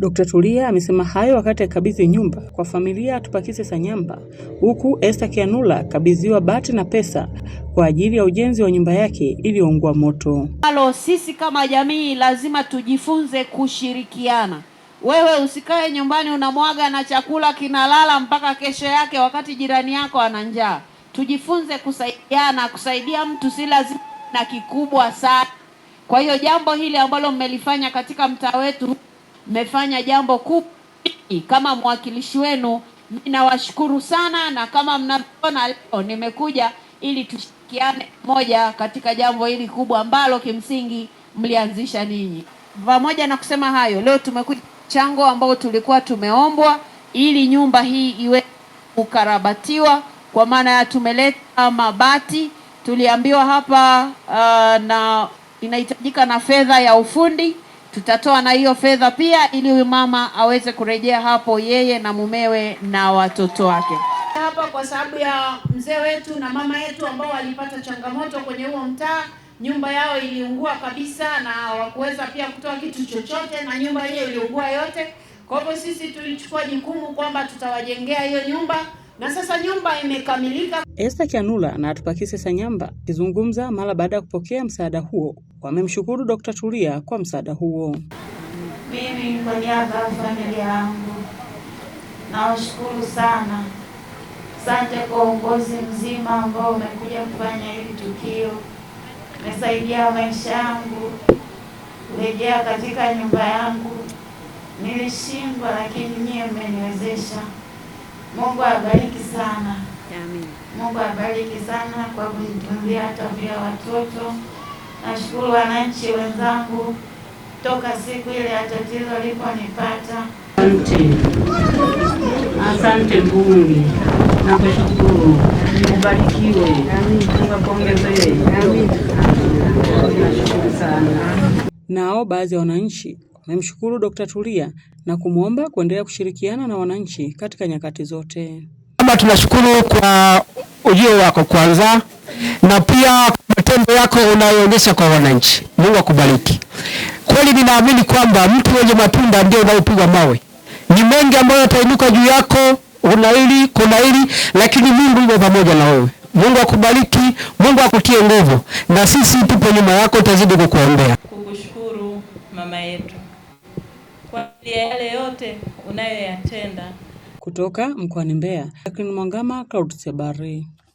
Dr. Tulia amesema hayo wakati akabidhi nyumba kwa familia Tupakise Sanyamba, huku Esther Kianula akikabidhiwa bati na pesa kwa ajili ya ujenzi wa nyumba yake iliyoungua moto. Halo, sisi kama jamii lazima tujifunze kushirikiana. Wewe usikae nyumbani unamwaga na chakula kinalala mpaka kesho yake, wakati jirani yako ana njaa. Tujifunze kusaidiana. Kusaidia mtu si lazima na kikubwa sana. Kwa hiyo jambo hili ambalo mmelifanya katika mtaa wetu mmefanya jambo kubwa kama mwakilishi wenu. Ninawashukuru sana, na kama mnavyoona leo nimekuja ili tushirikiane moja katika jambo hili kubwa ambalo kimsingi mlianzisha ninyi. Pamoja na kusema hayo, leo tumekuja mchango ambao tulikuwa tumeombwa ili nyumba hii iwe kukarabatiwa, kwa maana ya tumeleta mabati, tuliambiwa hapa uh, na inahitajika na fedha ya ufundi tutatoa na hiyo fedha pia, ili huyu mama aweze kurejea hapo yeye na mumewe na watoto wake hapa, kwa sababu ya mzee wetu na mama yetu ambao walipata changamoto kwenye huo mtaa. Nyumba yao iliungua kabisa na hawakuweza pia kutoa kitu chochote, na nyumba hiyo iliungua yote. Kwa hivyo sisi tulichukua jukumu kwamba tutawajengea hiyo nyumba na sasa nyumba imekamilika. Esther Chanula na Atupakise Sanyamba akizungumza mara baada ya kupokea msaada huo, wamemshukuru Dr. Tulia kwa msaada huo. Mimi kwa niaba ya familia yangu nawashukuru sana, asante kwa uongozi mzima ambao umekuja kufanya hili tukio, umesaidia maisha yangu kurejea katika nyumba yangu. Nilishindwa, lakini nyie mmeniwezesha. Mungu abariki sana. Amen. Mungu abariki sana kwa kunitunzia hata vya watoto. Nashukuru wananchi wenzangu toka siku ile ya tatizo liponipata. Asante, asante Mungu, nakushukuru. Ubarikiwe, ongezee. Nashukuru sana. Nao baadhi ya wananchi Memshukuru Dkt. Tulia na kumwomba kuendelea kushirikiana na wananchi katika nyakati zote. Kama tunashukuru kwa ujio wako kwanza na pia matendo yako unayoonyesha kwa wananchi. Mungu akubariki. Kweli ninaamini kwamba mtu mwenye matunda ndio unaopigwa mawe. Ni mengi ambayo yatainuka juu yako, unaili kunaili, lakini Mungu yuko pamoja na wewe. Mungu akubariki, Mungu akutie nguvu, na sisi tupo nyuma yako, tazidi kukuombea. Kukushukuru mama yetu kwa ajili ya yale yote unayoyatenda. Kutoka mkoani Mbeya, Jacqueline Mwangama, Clouds Habari.